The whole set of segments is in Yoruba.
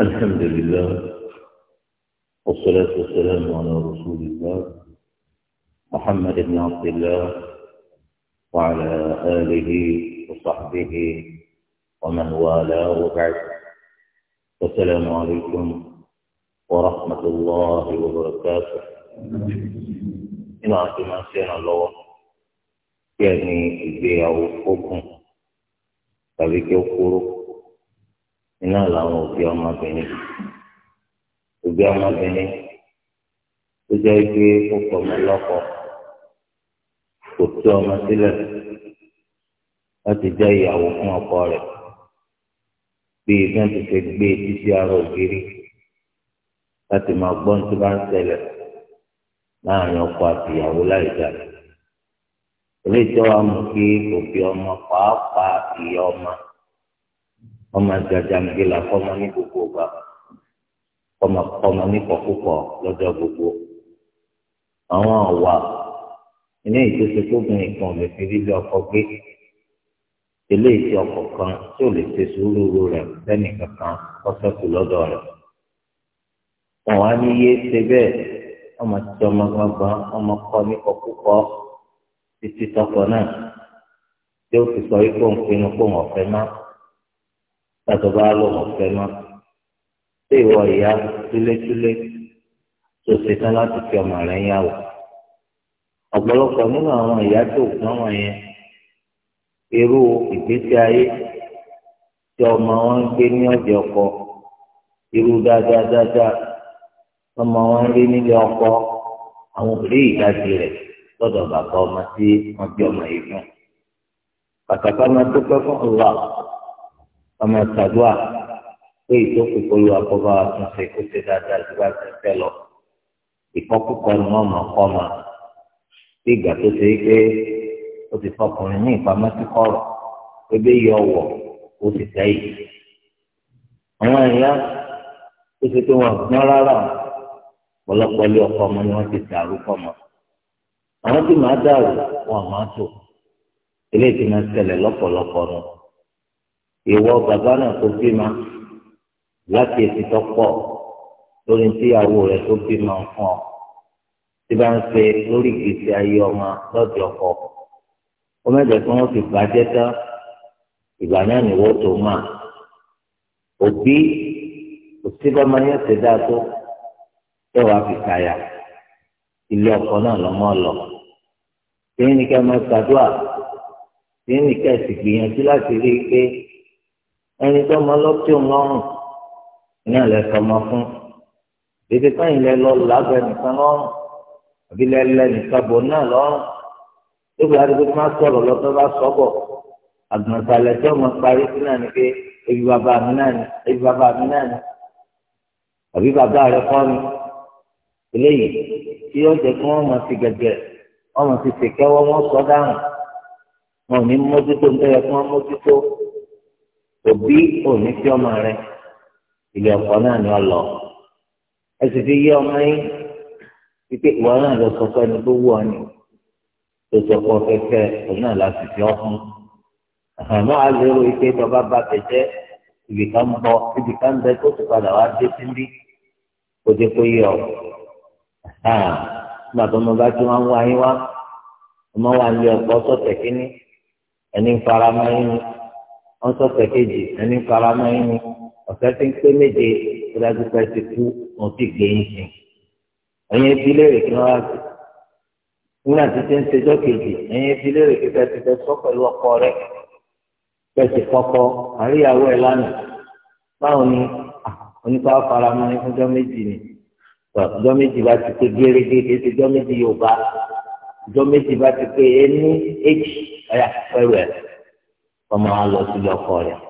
الحمد لله والصلاة والسلام على رسول الله محمد بن عبد الله وعلى آله وصحبه ومن والاه بعد السلام عليكم ورحمة الله وبركاته إن ما سينا الله يعني بيعوا حكم فبكي iná làwọn òbí ọmọbìnrin òbí ọmọbìnrin tó jẹ́ pé ó pọ̀mọ́ lọ́kọ̀ kò tó ọmọ sílẹ̀ láti jẹ́ ìyàwó fún ọkọ rẹ̀ bí iná ti fi gbé e títí ara ògiri láti máa gbọ́ ní bá ń ṣẹlẹ̀ láàrin ọkọ àti ìyàwó láì eléyìí tó wàá mú kí òbí ọmọ pàápàá ìyá ọmọ ọmọ jàjàngìlà fọmọ ní gbogbo ọba ọmọ kọmọ ní kọkúkọ lọ́jọ́ gbogbo àwọn ọwà ilé ìtòsí kóbìnrin kan ò lè fi rílé ọkọ gbé ilé ìtì ọkọ kan tí ò lè ṣe sùúrù rẹ̀ lẹ́nìkan kan kọsẹkù lọ́dọ̀ rẹ̀ wọn wá ní yé ṣe bẹ́ẹ̀ ọmọ tí ọmọ gbọngàn ọmọ kọ ní kọkúkọ títí tọkọ náà tí ó fi sọ ikú òǹpinnu kó wọn fẹ́ máa tàtọ bá lò wọn fẹ́ mọ ṣé ìwọ ìyá túlétúlé tó ṣetán láti fi ọmọ rẹ yàwó ọ̀pọ̀lọpọ̀ nínú àwọn ìyá tó gbọ́n wọn yẹn irú ìgbésí ayé tí ọmọ wọn ń gbé ní ọjọ́ ọkọ irú dáadáa dáadáa ọmọ wọn ń rí nílé ọkọ àwọn òbí ìdájí rẹ̀ lọ́dọ̀ bàbá ọmọ tí wọ́n bí ọmọ yìí fún kàkàkà máa dúpẹ́ fún ọlọ ọmọ ṣàdúà pé ìjókòó pẹ̀lú akọ́bá àtúnṣe kó ṣe dáadáa ju bá ti fẹ́ lọ. ìkọ́kúkọ ni wọ́n mọ̀ kọ́ ma bí ìgbà tó ṣe pé ó ti fọkùnrin ní ìpamọ́ sí kọ̀rọ̀ ebe yọ ọ̀wọ̀ ó sì sẹ́yìn. àwọn ẹ̀yà tó ṣe pé wọn gbọ́n rárá ọ̀pọ̀lọpọ̀ ilé ọkọ ọmọ ni wọ́n ti dàrú kọ́ mọ́. àwọn tí màá dàrú wọn máa tò eléyìí ti máa ṣẹlẹ̀ lọ́pọ̀lọpọ̀ náà ìwọ bàbá náà tó bímọ láti èsì tó pọ̀ lórí tíyàwó rẹ tó bímọ fún ọ tí bá ń ṣe lórí ìgbésí ayé ọmọ lọ́jọ́ ọkọ ó mẹ́jọ tí wọ́n fi bàjẹ́ tán ìgbà náà nìwọ tó mà òbí òsínbọ́mọ yẹn ti dáa tó ẹ wàá fi kàyà ilé ọkọ náà lọ́mọ lọ kí ni ká máa ṣàdúrà kí ni ká sì gbìyànjú láti rí i pé ẹni tó mọ lọ́tí òun lọ́rùn náà lẹ sọmọ fún ètò káyìn lẹ lọ làbẹ nìkan lọ́rùn àbí lẹ lẹ nìkan bò náà lọ́rùn lóbi àdúgbò tó máa sọ̀rọ̀ lọ́tọ́ bá sọ́bọ̀ àgbọ̀nsalẹ̀ tó mọ parí sí náà ni pé ebi bàbá mi náà ni ebi bàbá mi náà ni àbí bàbá rẹ kọ́ mi eléyìí tí yóò jẹ kí wọ́n mọ̀ sí gẹ̀gẹ̀ wọ́n mọ̀ sí sèkẹ́wọ́ wọ́n sọ dáhùn wọn ò ní mójútó nítorí kí wọ́n mójútó òbí òní tí ọmọ rẹ ilé ọkọ náà ni ọ ẹ sì fi yé ọmọ yín wípé ìwọ náà lọ sọ pé ẹni tó wù ọ ni tó sọ pé ọkẹkẹ òun náà láti fi ọ fún àmọ́ àlérò ike bàbá bá bẹjẹ ibì kan bọ ibì kan bẹ tó ti padà wá dé síbí kò dé kó yé ọ nígbà tó mo bá tí wọn wá yín wá ọmọ wa ń lé ọkọ sọtẹ kínní ẹni ń fara mọ́ yín ni wọn sọ pẹkẹjì ẹni faramọ ẹni ọ̀sẹ̀ tí ń pé méje ìdájú pẹ ti kú wọn ti gbé yín sí ẹ̀yin ti léèrè kí wọn wá sí nígbà tí ti ń sejọ kejì ẹ̀yin ti léèrè kí pẹ ti fẹ́ sọ pẹ̀lú ọkọ rẹ̀ pẹ ti kọkọ àríyàwó ẹ lánàá báwo ni onípa faramọ ẹni fún jọ méjì ni jọ méjì bá ti pé gérégé kéde jọ méjì yóò bá jọ méjì bá ti pé ẹni èjì ẹyà pẹ̀lú ẹ ọmọ wa lọ sí ọkọ rẹ̀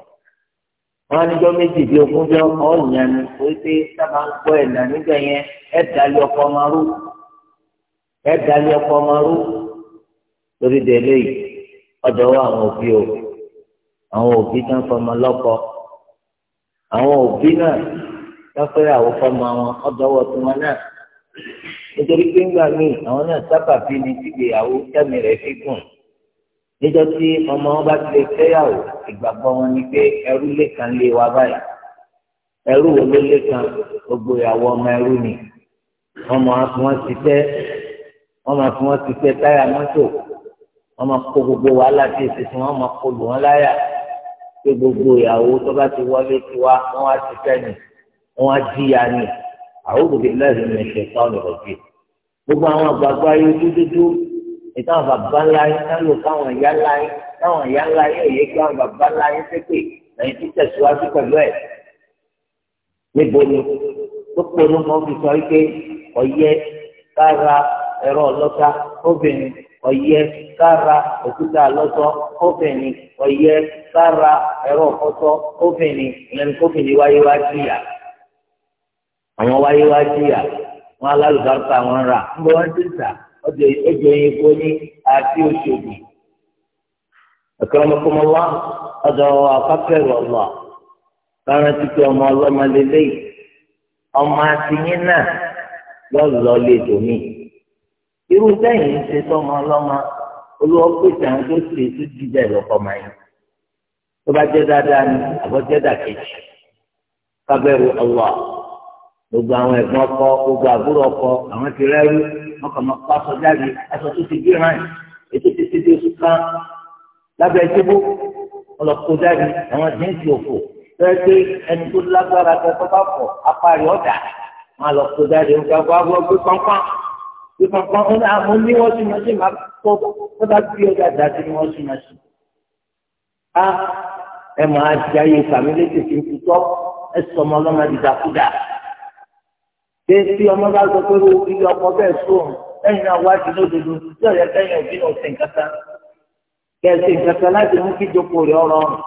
wọn níjọ méjì bí ogún jọ ọyàn ni pé sábà ń gbọ́ ẹ̀dá nígbà yẹn ẹ dalẹ ọkọ ọmọ rú ẹ dalẹ ọkọ ọmọ rú lórí délé yìí ọ̀dọ̀ wa àwọn òbí o àwọn òbí náà fọmọ lọ́kọ àwọn òbí náà lọfẹrẹ àwọn fọmọ àwọn ọ̀dọ̀ wọn náà nítorí pé ńgbà míì àwọn náà sábà bí ní síbi àwọn tẹmí rẹ̀ fi gùn níjọ́ tí ọmọ wọn bá ti lè fẹ́yàwó ìgbàgbọ́ wọn ni pé ẹrú lè kan lé wa báyìí ẹrú wo ló lé kan gbogbo ìyàwó ọmọ ẹrú ni wọ́n máa fi wọ́n ti tẹ́ wọ́n máa fi wọ́n ti tẹ́ táyà mọ́tò wọ́n máa kó gbogbo wàhálà tí èsì tí wọ́n máa kó lù wọ́n láyà pé gbogbo ìyàwó tó bá ti wọlé ti wá wọ́n wá ti tẹ́ ni wọ́n wá jìyà ni àwọn òbí lẹ́yìn ní ṣe tán gbogbo àwọn àgbààgbà yóò dúdú ìtàn bàbá ńlá yín kálò káwọn ìyá ńlá yín káwọn ìyá ńlá yín òye kí àwọn bàbá ńlá yín ṣépè lẹ́yìn tí tẹ̀síwájú pẹ̀lú ẹ̀ níbo ni tó ponu mọ́ fi sọ wípé ọ̀yẹ kára ẹ̀rọ ọlọ́ta obìnrin ọ̀yẹ kára òkúta lọ́tọ́ obìnrin ọ̀yẹ kára ẹ̀rọ ọ̀kọ́tọ́ obìnrin ìyẹn kóbìnrin wáyé wá àwọn wáyé wá wọn alálùbáríkà wọn rà ń bọ wọn ti sà ojú oyin kò ní àti oṣooṣù akramakumullah ọdọ akọkẹrù ọlọ kárán títí ọmọ ọlọmọ lélẹyìí ọmọ àtìyín náà lọlọ lè dòmí irú sẹ́yìn ṣe sọmọ ọlọmọ olúwa pèsè àwọn ṣe tó jíjà tó bá jẹ dáadáa ni dàkejì ọlọ gbogbo àwọn gbogbo àbúrò ọkọ àwọn ti wọn kàn máa pa aṣọ jáde aṣọ tó ti gbé hàn ètò ti ti di oṣù kan lábẹ́ ẹjẹ́bó ọlọ́kọ̀ jáde àwọn jíǹsì òfò fẹ́ẹ́ pé ẹni tó lágbára tó tó bá fọ̀ apárí ọ̀dà wọn lọ kó jáde ń gbàgbọ́ àgbọ̀ gbé pọ́npọ́n gbé pọ́npọ́n ó ní àwọn oníwọ́n sì máa ṣe máa kọ́ tó bá bí ọjà dájú ni wọ́n sì máa ṣe. a ẹ máa jẹ ayé fàmílẹ́tì fi ń tutọ́ ẹ ṣé tí ọmọ bá sọ pé o iye ọkọ bẹ́ẹ̀ sóun lẹ́yìn náà wá sí lódodo tí ọ̀yẹ́ kẹ́yìn òbí náà ṣe nǹkan kan kẹ́ ẹ ṣe nǹkan kan láti mú kí ìjókòó rẹ̀ ọ̀rọ̀ ọ̀rùn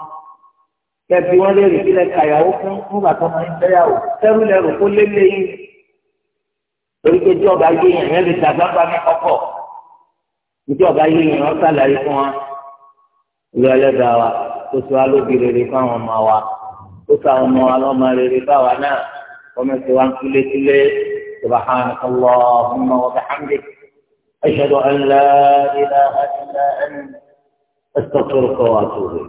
kẹ́ bí wọ́n lè rí sílẹ̀ kàyàwó fún fúnbà tó máa ń fẹ́yàwó sẹ́rù lẹ́rù kó lé lẹ́yìn torí pé tí ọba yé yẹn lè dàgbà bá mi kọ́kọ́ tí ọba yé yẹn wọ́n sàlàyé fún wa ìlú ẹlẹ́dàá wa ó sọ alóbi rere fáwọn ọmọ wa ó sọ àwọn ọmọ ومن سوى كل كل سبحانك اللهم وبحمدك أشهد أن لا إله إلا أنت أستغفرك وأتوب إليك